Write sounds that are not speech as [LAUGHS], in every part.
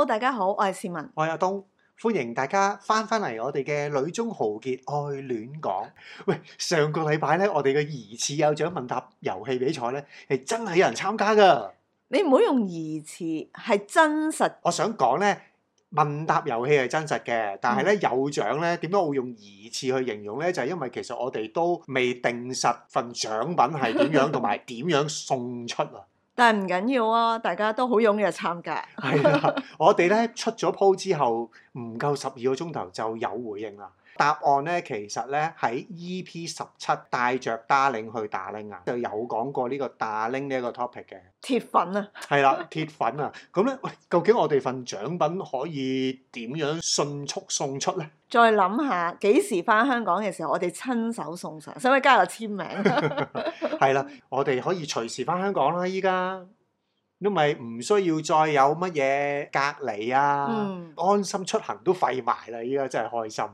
好，大家好，我係市民，我係阿東，歡迎大家翻翻嚟我哋嘅《女中豪傑愛戀港》。喂，上個禮拜咧，我哋嘅疑似有獎問答遊戲比賽咧，係真係有人參加噶。你唔好用疑似，係真實。我想講咧，問答遊戲係真實嘅，但係咧、嗯、有獎咧，點解我會用疑似去形容咧？就係、是、因為其實我哋都未定實份獎品係點樣，同埋點樣送出啊。 [LAUGHS] 但係唔緊要啊！大家都好踴躍參加的。係啦， [LAUGHS] 我哋咧出咗 post 之後，唔夠十二個鐘頭就有回應啦。答案咧，其實咧喺 EP 十七帶著 Darling 去打領啊，就有講過呢個打領呢一個 topic 嘅鐵粉啊，係啦，鐵粉啊，咁咧， [LAUGHS] 究竟我哋份獎品可以點樣迅速送出咧？再諗下幾時返香港嘅時候，我哋親手送上，使唔使加個簽名？係 [LAUGHS] 啦， [LAUGHS] 我哋可以隨時返香港啦。依家都咪唔需要再有乜嘢隔離啊，嗯、安心出行都廢埋啦。依家真係開心。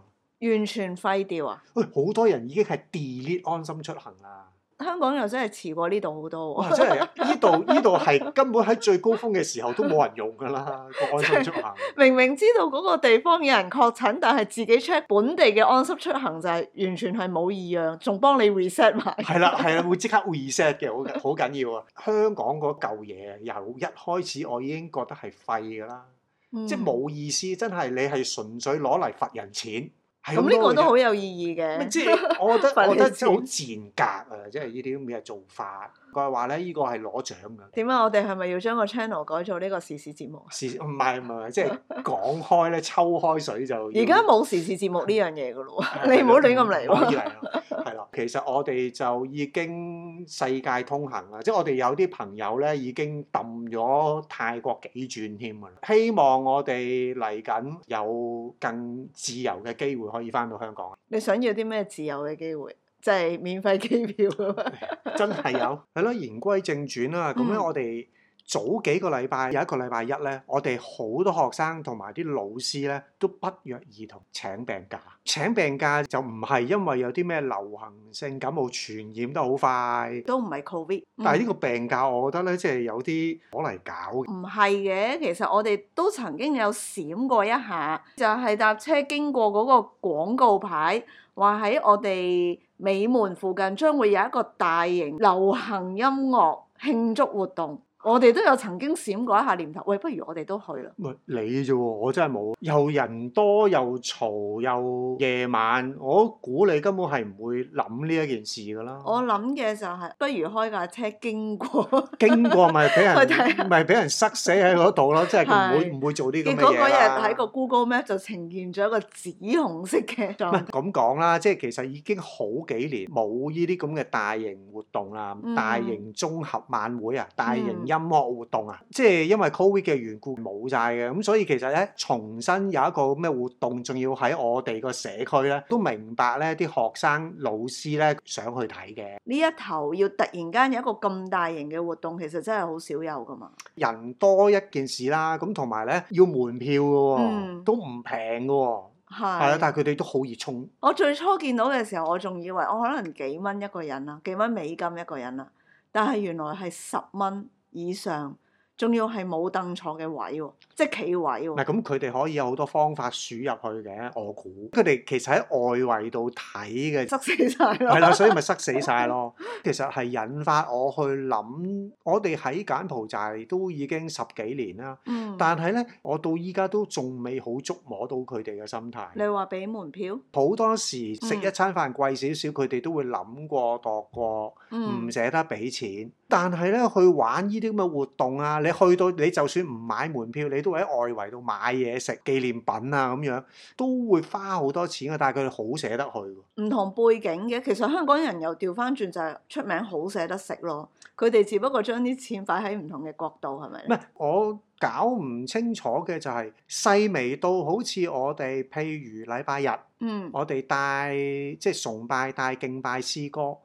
完全廢掉啊！喂、哎，好多人已經係 delete 安心出行啦。香港又真係遲過呢度好多喎、啊。即係呢度，呢度係根本喺最高峰嘅時候都冇人用㗎啦 [LAUGHS] 個安心出行。即係、明明知道嗰個地方有人確診，但係自己 check 本地嘅安心出行就係、係、完全係冇異樣，仲幫你 reset 埋、 [LAUGHS] 啊。係啦，係啦，會即刻 reset 嘅，好好緊要啊！香港嗰嚿嘢由一開始我已經覺得係廢㗎啦，嗯、即係冇意思，真係你係純粹攞嚟罰人錢。咁呢個都好有意義嘅。 [LAUGHS] 即係，我覺得 [LAUGHS] 我覺得即係好賤格啊！即係呢啲咁嘅做法，佢話咧呢、呢個係攞獎嘅。點解我哋係咪要將個 channel 改做呢個時事節目啊？唔係唔係即係講開咧，抽開水就。而家冇時事節目呢 [LAUGHS] 樣嘢㗎啦喎！ [LAUGHS] 你唔好亂咁嚟喎。可以嚟啊！係啦，其實我哋就已經世界通行啦， [LAUGHS] 即係我哋有啲朋友咧已經揼咗泰國幾轉添啊！希望我哋嚟緊有更自由嘅機會。可以翻到香港啊！你想要啲咩自由嘅機會？即係免費機票啊！真係有係咯。言歸正傳啦，咁樣我哋。早幾個禮拜有一個禮拜一呢，我哋好多學生同埋啲老師呢，都不約而同請病假。請病假就唔係因為有啲咩流行性感冒傳染得好快，都唔係 covid，嗯。但係呢個病假，我覺得呢，即係有啲攞嚟搞。唔係嘅，其實我哋都曾經有閃過一下，就係搭車經過嗰個廣告牌，話喺我哋美門附近將會有一個大型流行音樂慶祝活動。我哋都有曾經閃過一下念頭，喂，不如我哋都去啦。唔係你啫喎，我真係冇，又人多又嘈又夜晚，我估你根本係唔會諗呢一件事㗎啦。我諗嘅就係不如開架車經過，經過咪俾人咪俾人塞死喺嗰度咯，即係唔會唔會做啲咁嘅嘢。結果嗰日睇個 Google Map 就呈現咗一個紫紅色嘅狀。唔係咁講啦，即係其實已經好幾年冇呢啲咁嘅大型活動啦，大型綜合晚會啊，大型一。音樂活動啊，即係因為 Covid 嘅緣故冇晒嘅，咁所以其實咧重新有一個咩活動，仲要喺我哋個社區咧，都明白咧啲學生老師咧想去睇嘅。呢一頭要突然間有一個咁大型嘅活動，其實真係好少有㗎嘛。人多一件事啦，咁同埋咧要門票㗎喎、哦，嗯、都唔平㗎喎，係啊是，但係佢哋都好熱衷。我最初見到嘅時候，我仲以為我可能幾蚊一個人啊，幾蚊美金一個人啊，但係原來係十蚊。以上。仲要係冇凳坐嘅位喎，即係企位喎。咁，佢哋可以有好多方法輸入去嘅，我估。佢哋其實喺外圍度睇嘅塞死晒咯，係啦，所以咪塞死晒咯。 [LAUGHS] 其實係引發我去諗，我哋喺柬埔寨都已經十幾年啦，嗯、但係咧，我到依家都仲未好捉摸到佢哋嘅心態。你話俾門票，好多時食一餐飯貴少少，佢哋、嗯、都會諗過度過，唔捨得俾錢。但係咧，去玩呢啲咁嘅活動啊！你去到你就算唔買門票，你都喺外圍度買嘢食紀念品啊咁樣，都會花好多錢嘅。但係佢哋好捨得去，唔同背景嘅。其實香港人又調翻轉就係出名好捨得食咯。佢哋只不過將啲錢擺喺唔同嘅角度，係咪？唔係，我搞唔清楚嘅就係、是、細微到好似我哋，譬如禮拜日，嗯，我哋帶即係、就是、崇拜帶敬拜詩歌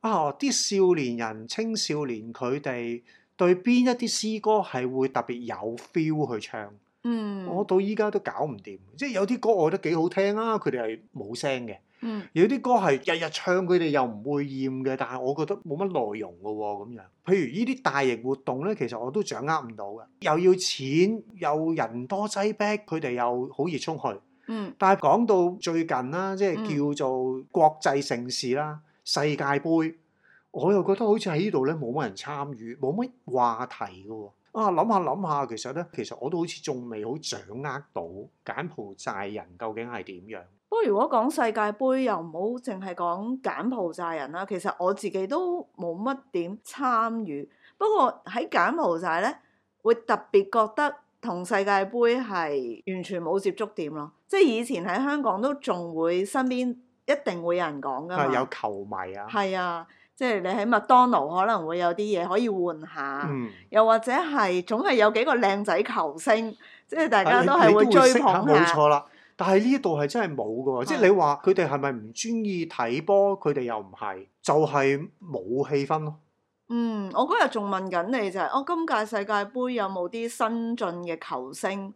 啊，啲、哦、少年人、青少年佢哋。對邊一啲詩歌係會特別有 feel 去唱？嗯，我到依家都搞唔掂。即係有啲歌我覺得幾好聽啊，佢哋係冇聲嘅。嗯，有啲歌係日日唱，佢哋又唔會厭嘅，但係我覺得冇乜內容㗎喎咁樣。譬如呢啲大型活動咧，其實我都掌握唔到嘅，又要錢，又人多擠逼，佢哋又好熱衷去。嗯，但係講到最近啦，即係叫做國際盛事啦，嗯嗯、世界盃。我又覺得好似喺呢度咧，冇乜人參與，冇乜話題㗎喎，啊。啊，諗下諗下，其實咧，其實我都好似仲未好掌握到柬埔寨人究竟係點樣。不過如果講世界盃，又唔好淨係講柬埔寨人啦。其實我自己都冇乜點參與。不過喺柬埔寨咧，會特別覺得同世界盃係完全冇接觸點咯。即係以前喺香港都仲會身邊一定會有人講㗎嘛，啊，有球迷啊，係啊。即係你喺麥當勞可能會有啲嘢可以換下，嗯、又或者係總係有幾個靚仔球星，即係大家都係會追捧下。冇錯啦，但係呢度係真係冇㗎喎！的即係你話佢哋係咪唔鍾意睇波？佢哋又唔係，就係、是、冇氣氛咯。嗯，我嗰日仲問緊你就係、是，我、哦、今屆世界盃有冇啲新進嘅球星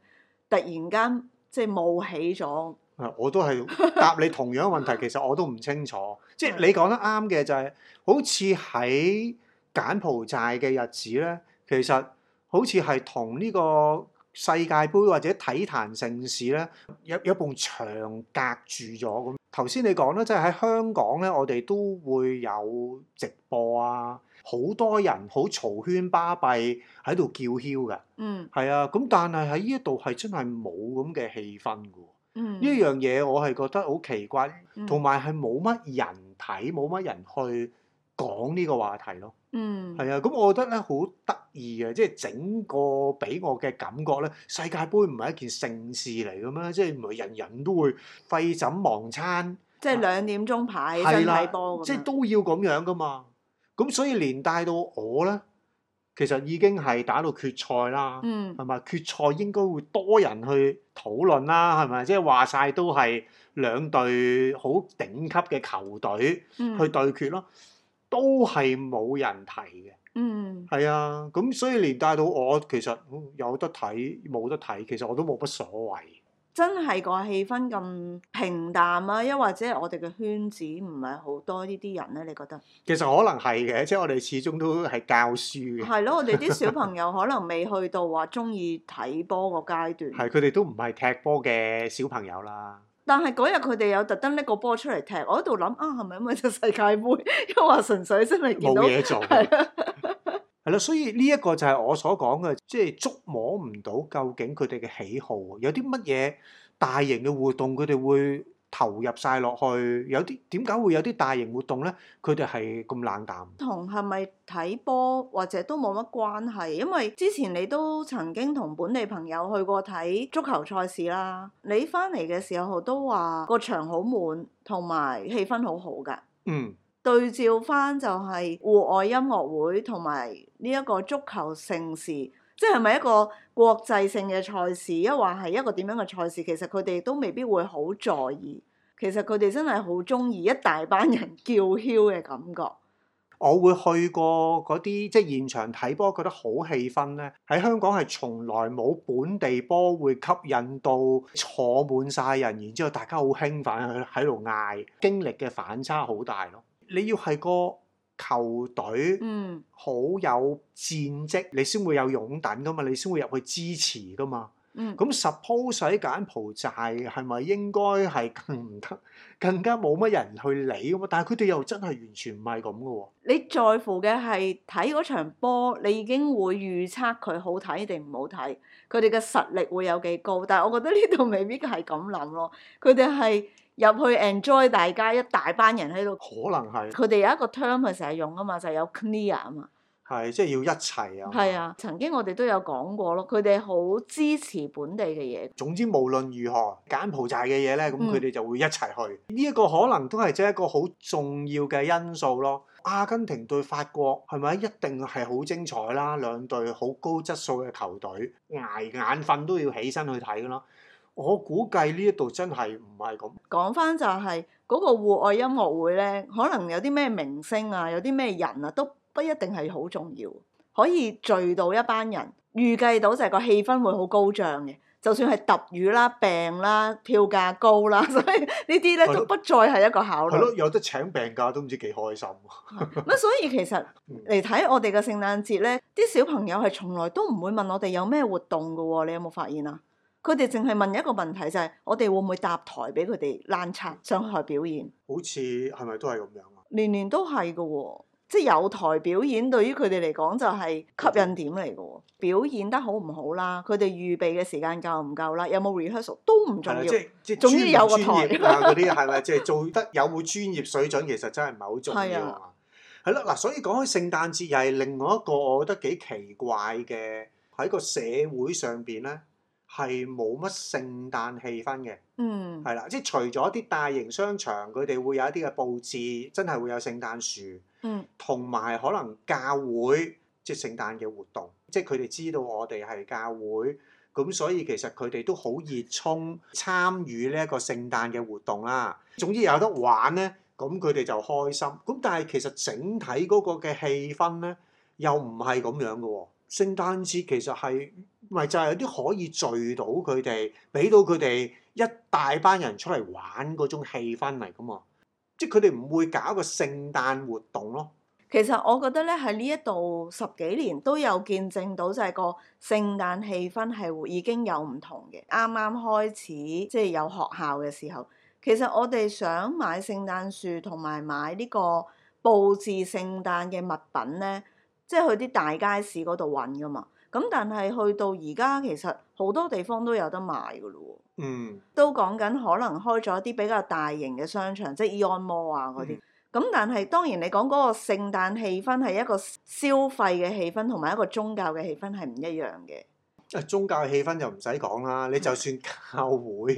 突然間即係冒起咗？啊！ [LAUGHS] 我都係答你同樣問題，其實我都唔清楚。即係你講得啱嘅，就係好似喺柬埔寨嘅日子咧，其實好似係同呢個世界盃或者體壇盛事咧，有有一埲牆隔住咗咁。頭先你講咧，即係喺香港咧，我哋都會有直播啊，好多人好嘈喧巴閉喺度叫囂嘅。嗯，係啊。咁但係喺呢一度係真係冇咁嘅氣氛嘅。呢樣嘢我係覺得好奇怪，同埋係冇乜人睇，冇乜人去講呢個話題咯。嗯，係啊，咁我覺得咧好得意嘅，即係整個俾我嘅感覺咧，世界盃唔係一件盛事嚟嘅咩？即係唔係人人都會廢寢忘餐，即係兩點鐘排真睇波、嗯、即係都要咁樣噶嘛。咁所以連帶到我咧。其實已經係打到決賽啦，係咪、嗯？決賽應該會多人去討論啦，係咪？即係話晒都係兩隊好頂級嘅球隊去對決咯，都係冇人睇嘅。嗯，係、嗯、啊，咁所以連帶到我其實有得睇冇得睇，其實我都冇乜所謂。真係個氣氛咁平淡啊！又或者我哋嘅圈子唔係好多呢啲人咧，你覺得？其實可能係嘅，即係我哋始終都係教書嘅。係咯，我哋啲小朋友可能未去到話鍾意睇波個階段。係 [LAUGHS] 佢哋都唔係踢波嘅小朋友啦。但係嗰日佢哋有特登拎個波出嚟踢，我喺度諗啊，係咪因為隻世界盃？因為話純粹真係冇嘢做。 [LAUGHS] 係啦，所以呢一個就係我所講嘅，即係捉摸唔到究竟佢哋嘅喜好，有啲乜嘢大型嘅活動佢哋會投入晒落去，有啲點解會有啲大型活動咧？佢哋係咁冷淡？同係咪睇波或者都冇乜關係？因為之前你都曾經同本地朋友去過睇足球賽事啦，你翻嚟嘅時候都話個場好滿，同埋氣氛好好㗎。嗯。對照翻就係戶外音樂會同埋呢一個足球盛事，即係咪一個國際性嘅賽事？又話係一個點樣嘅賽事？其實佢哋都未必會好在意。其實佢哋真係好鍾意一大班人叫囂嘅感覺。我會去過嗰啲即係現場睇波，覺得好氣氛呢。喺香港係從來冇本地波會吸引到坐滿晒人，然之後大家好興奮喺度嗌，經歷嘅反差好大咯。你要係個球隊，嗯，好有戰績，你先會有擁躉噶嘛，你先會入去支持噶嘛。咁、嗯、suppose 柬埔寨係咪應該係更唔得，更加冇乜人去理啊嘛？但係佢哋又真係完全唔係咁噶喎。你在乎嘅係睇嗰場波，你已經會預測佢好睇定唔好睇，佢哋嘅實力會有幾高。但係我覺得呢度未必係咁諗咯，佢哋係。入去 enjoy 大家一大班人喺度，可能係佢哋有一個 term 佢成日用啊嘛，就係、是、有 clear 啊嘛。係，即係要一齊啊嘛。係啊，曾經我哋都有講過咯，佢哋好支持本地嘅嘢。總之，無論如何柬埔寨嘅嘢咧，咁佢哋就會一齊去。呢一、嗯、個可能都係即係一個好重要嘅因素咯。阿根廷對法國係咪一定係好精彩啦？兩隊好高質素嘅球隊，捱眼瞓都要起身去睇噶咯。我估計呢一度真係唔係咁講翻就係、係、嗰、嗰個戶外音樂會呢，可能有啲咩明星啊，有啲咩人啊，都不一定係好重要。可以聚到一班人，預計到就係個氣氛會好高漲嘅。就算係揼雨啦、病啦、票價高啦，所以呢啲呢的都不再係一個考慮。係咯，有得請病假都唔知幾開心。咁 [LAUGHS] 所以其實嚟睇、嗯、我哋嘅聖誕節呢，啲小朋友係從來都唔會問我哋有咩活動嘅喎，你有冇發現啊？佢哋淨係問一個問題就係：我哋會唔會搭台俾佢哋攔拆上台表演？好似係咪都係咁樣啊？年年都係嘅喎，即係有台表演對於佢哋嚟講就係吸引點嚟㗎喎。 [MUSIC] 表演得好唔好啦？佢哋預備嘅時間夠唔夠有有啦？有冇 rehearsal 都唔重要。係啦， [LAUGHS] 總之有個台，即係即係專專業啊嗰啲係咪？即係做得有冇專業水準，其實真係唔係好重要啊。係啦的，嗱，所以講開聖誕節又係另外一個我覺得幾奇怪嘅喺個社會上邊咧。係冇乜聖誕氣氛嘅，係啦、嗯，即係除咗啲大型商場，佢哋會有一啲嘅佈置，真係會有聖誕樹，同埋、嗯、可能教會即係聖誕嘅活動，即係佢哋知道我哋係教會，咁所以其實佢哋都好熱衷參與呢一個聖誕嘅活動啦。總之有得玩咧，咁佢哋就開心。咁但係其實整體嗰個嘅氣氛咧，又唔係咁樣嘅喎、哦。聖誕節其實係咪就係有啲可以聚到佢哋，俾到佢哋一大班人出嚟玩嗰種氣氛嚟噶嘛？即係佢哋唔會搞個聖誕活動咯。其實我覺得咧，喺呢一度十幾年都有見證到，就係個聖誕氣氛係會已經有唔同嘅。啱啱開始即係、就是、有學校嘅時候，其實我哋想買聖誕樹同埋買呢個佈置聖誕嘅物品咧。即係去啲大街市嗰度揾噶嘛，咁但係去到而家其實好多地方都有得賣噶咯喎，嗯，都講緊可能開咗一啲比較大型嘅商場，即係 Eon Mall 啊嗰啲，咁、嗯、但係當然你講嗰個聖誕氣氛係一個消費嘅氣氛同埋一個宗教嘅氣氛係唔一樣嘅。宗教氣氛就唔使講啦，你就算教會，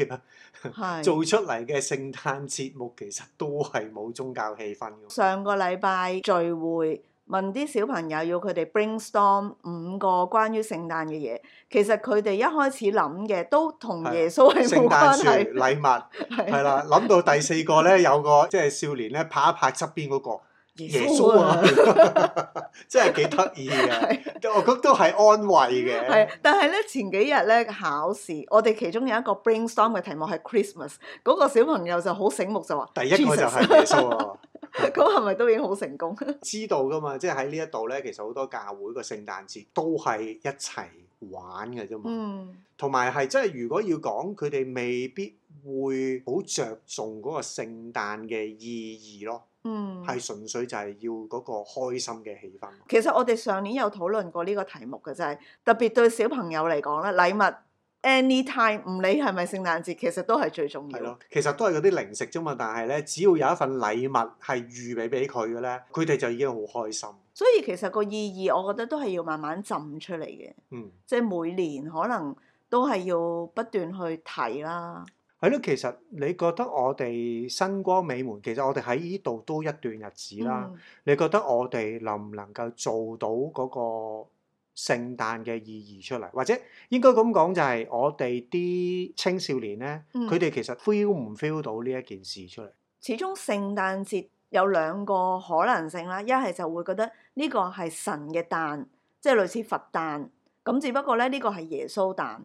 係做出嚟嘅聖誕節目其實都係冇宗教氣氛。上個禮拜聚會。問啲小朋友要佢哋 brainstorm 五個關於聖誕嘅嘢，其實佢哋一開始諗嘅都同耶穌係冇關係。聖誕禮物係啦，諗到第四個咧，有個即係少年咧拍一拍側邊嗰個耶穌啊，即係幾得意嘅。 [LAUGHS] 的我覺得都係安慰嘅。係，但係咧前幾日咧考試，我哋其中有一個 brainstorm 嘅題目係 Christmas，嗰、嗰個小朋友就好醒目就話：第一個就係耶穌啊。 [LAUGHS] 咁係咪都已經好成功？知道噶嘛，即係喺呢一度咧，其實好多教會個聖誕節都係一齊玩嘅啫嘛。嗯，同埋係即係如果要講佢哋未必會好着重嗰個聖誕嘅意義咯。嗯，係純粹就係要嗰個開心嘅氣氛。其實我哋上年有討論過呢個題目嘅就係、是、特別對小朋友嚟講咧，禮物。Anytime，唔理係咪聖誕節，其實都係最重要。係咯，其實都係嗰啲零食啫嘛。但係咧，只要有一份禮物係預備俾佢嘅咧，佢哋就已經好開心。所以其實個意義，我覺得都係要慢慢浸出嚟嘅。嗯，即係每年可能都係要不斷去睇啦。係咯，其實你覺得我哋新光美門，其實我哋喺呢度都一段日子啦。嗯，你覺得我哋能唔能夠做到嗰、嗰個？聖誕嘅意義出嚟，或者應該咁講就係我哋啲青少年咧，佢哋、嗯、其實 feel 唔 feel 到呢一件事出嚟。始終聖誕節有兩個可能性啦，一係就會覺得呢個係神嘅誕，即係類似佛誕。咁只不過咧，呢、這個係耶穌誕。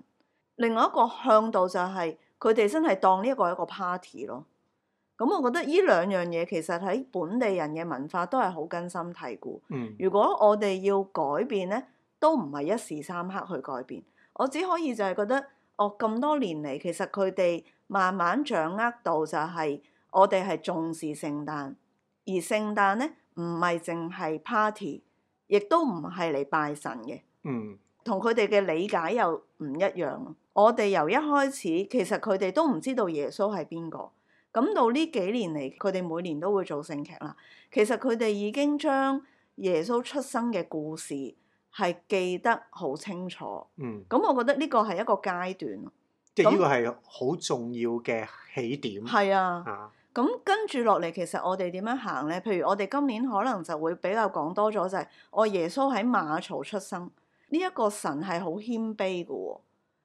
另外一個向度就係佢哋真係當呢一個係一個 party 咯。咁我覺得呢兩樣嘢其實喺本地人嘅文化都係好根深蒂固。嗯，如果我哋要改變咧。都唔係一時三刻去改變。我只可以就係覺得，我、哦、咁多年嚟，其實佢哋慢慢掌握到就係、係、我哋係重視聖誕，而聖誕咧唔係淨係 party，亦都唔係嚟拜神嘅。嗯，同佢哋嘅理解又唔一樣。我哋由一開始其實佢哋都唔知道耶穌係邊個，咁到呢幾年嚟，佢哋每年都會做聖劇啦。其實佢哋已經將耶穌出生嘅故事。係記得好清楚，咁、嗯、我覺得呢個係一個階段，即係呢個係好重要嘅起點。係那啊，咁、啊、跟住落嚟，其實我哋點樣行呢？譬如我哋今年可能就會比較講多咗、就是，就係我耶穌喺馬槽出生，呢、這、一個神係好謙卑㗎喎、哦。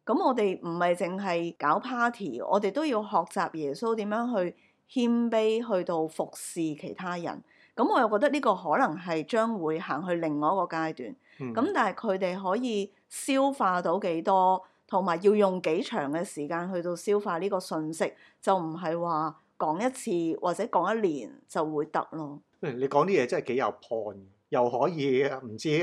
咁我哋唔係淨係搞 party，我哋都要學習耶穌點樣去謙卑，去到服侍其他人。咁我又覺得呢個可能係將會行去另外一個階段。咁、嗯、但係佢哋可以消化到幾多，同埋要用幾長嘅時間去到消化呢個信息，就唔係話講一次或者講一年就會得咯、嗯。你講啲嘢真係幾有 point，又可以唔知喺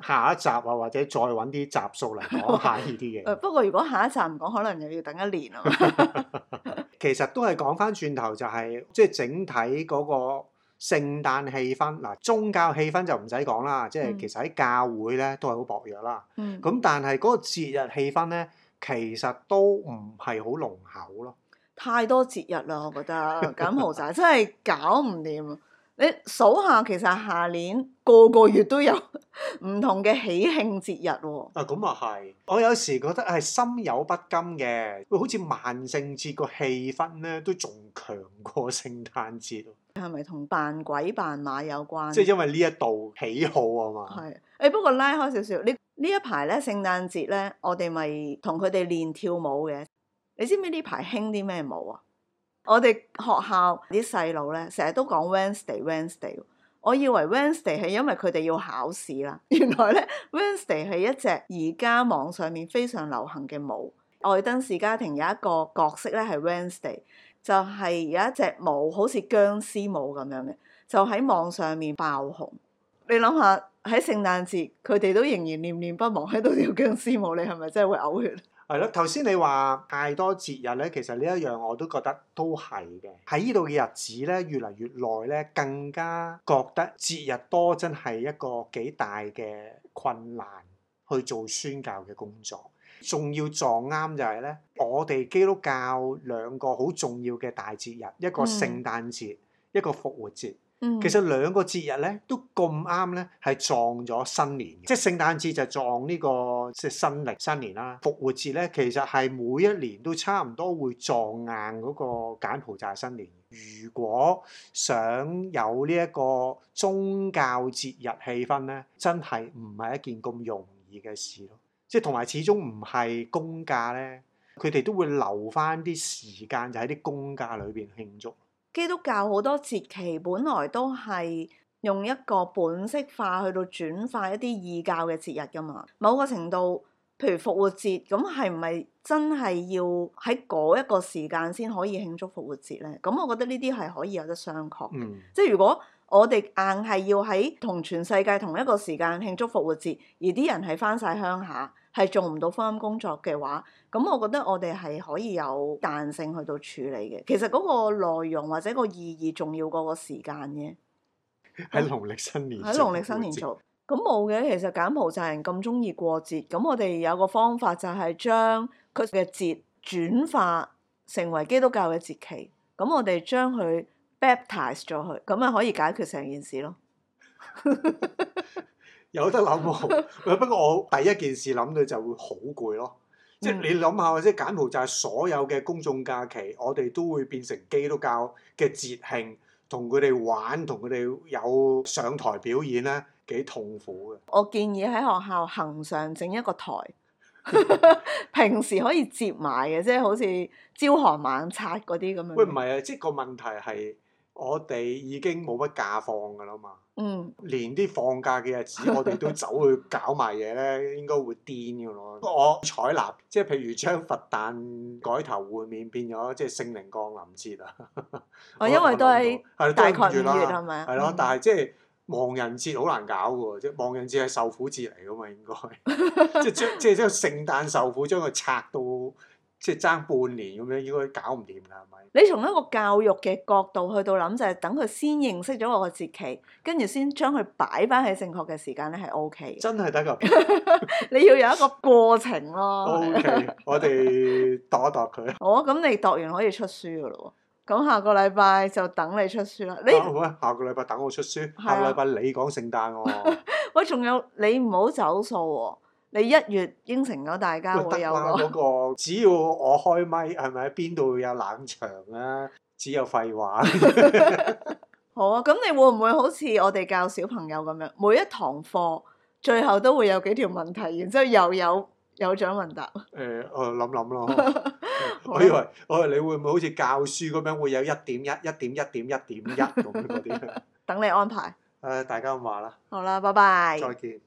下一集啊，或者再揾啲集數嚟講下呢啲嘢。 [LAUGHS] 不過如果下一集唔講，可能又要等一年咯。 [LAUGHS] [LAUGHS] 其實都係講翻轉頭，就係即係整體嗰個。聖誕氣氛嗱，宗教氣氛就唔使講啦，嗯、即係其實喺教會咧都係好薄弱啦。咁、嗯、但係嗰個節日氣氛咧，其實都唔係好濃厚咯。太多節日啦，我覺得柬冇曬，仔 [LAUGHS] 真係搞唔掂。你數下，其實下年個個月都有唔同嘅喜慶節日喎。啊，咁啊係，我有時覺得係心有不甘嘅，會好似萬聖節個氣氛咧都仲強過聖誕節。係咪同扮鬼扮馬有關？即係因為呢一度喜好啊嘛。係誒，不過拉開少少，呢呢一排咧，聖誕節咧，我哋咪同佢哋練跳舞嘅。你知唔知呢排興啲咩舞啊？我哋學校啲細路咧，成日都講 Wednesday，Wednesday。我以為 Wednesday 係因為佢哋要考試啦，原來咧 Wednesday 係一隻而家網上面非常流行嘅舞。愛登士家庭有一個角色咧係 Wednesday。就係有一隻舞，好似僵屍舞咁樣嘅，就喺網上面爆紅。你諗下，喺聖誕節，佢哋都仍然念念不忘喺度跳僵屍舞，你係咪真係會嘔血？係咯，頭先你話太多節日咧，其實呢一樣我都覺得都係嘅。喺呢度嘅日子咧，越嚟越耐咧，更加覺得節日多真係一個幾大嘅困難去做宣教嘅工作。仲要撞啱就係咧，我哋基督教兩個好重要嘅大節日，一個聖誕節，一個復活節。其實兩個節日咧都咁啱咧，係撞咗新年。即係聖誕節就撞呢個即係新歷新年啦，復活節咧其實係每一年都差唔多會撞硬嗰個柬埔寨新年。如果想有呢一個宗教節日氣氛咧，真係唔係一件咁容易嘅事咯。即係同埋，始終唔係公假咧，佢哋都會留翻啲時間，就喺啲公假裏邊慶祝。基督教好多節期本來都係用一個本色化去到轉化一啲異教嘅節日噶嘛。某個程度，譬如復活節，咁係唔係真係要喺嗰一個時間先可以慶祝復活節咧？咁我覺得呢啲係可以有得商榷。嗯，即係如果。我哋硬係要喺同全世界同一個時間慶祝復活節，而啲人係翻晒鄉下，係做唔到福音工作嘅話，咁我覺得我哋係可以有彈性去到處理嘅。其實嗰個內容或者個意義重要過個時間嘅。喺農曆新年，喺農曆新年做，咁冇嘅。其實柬埔寨人咁鍾意過節，咁我哋有個方法就係將佢嘅節轉化成為基督教嘅節期。咁我哋將佢。baptize 咗佢，咁啊可以解決成件事咯。 [LAUGHS] 有得諗想喎， [LAUGHS] [LAUGHS] 不過我第一件事諗到就會好攰咯。即係你諗下，即係柬埔寨所有嘅公眾假期，我哋都會變成基督教嘅節慶，同佢哋玩，同佢哋有上台表演咧，幾痛苦嘅。我建議喺學校行上整一個台，平時可以接埋嘅，即係好似朝韓晚拆嗰啲咁樣。 [LAUGHS] 喂，唔係啊，即係個問題係。我哋已經冇乜假放噶啦嘛，嗯、連啲放假嘅日子我哋都走去搞埋嘢咧，應該會癲噶咯。我採納即係譬如將佛誕改頭換面變咗即係聖靈降臨節啊、 [LAUGHS] 哦！因為都係、 [LAUGHS] 嗯、大概五月係係咯，但係即係亡人節好難搞嘅喎，即係亡人節係受苦節嚟噶嘛，應該 [LAUGHS] [LAUGHS] [LAUGHS] 即係將即係將聖誕受苦將佢拆到。即係爭半年咁樣，應該搞唔掂啦，係咪？你從一個教育嘅角度去到諗，就係、是、等佢先認識咗我個節期，跟住先將佢擺翻喺正確嘅時間咧，係 O K。真係得㗎， [LAUGHS] [LAUGHS] 你要有一個過程咯。 [LAUGHS] o、okay, K，我哋度一度佢。哦， [LAUGHS] 咁你度完可以出書噶咯喎。咁下個禮拜就等你出書啦。你、啊、下個禮拜等我出書，啊、下個禮拜你講聖誕喎、哦。喂， [LAUGHS] 仲有你唔好走數喎、啊。你一月應承咗大家會有啊！嗰個只要我開咪，係咪邊度會有冷場啊？只有廢話。好啊，咁你會唔會好似我哋教小朋友咁樣，每一堂課最後都會有幾條問題，然之後又有有獎問答。誒，我諗諗咯。我以為我以為你會唔會好似教書咁樣，會有一點一一點一點一點一咁嗰啲。等你安排。誒，大家咁話啦。好啦，拜拜。再見。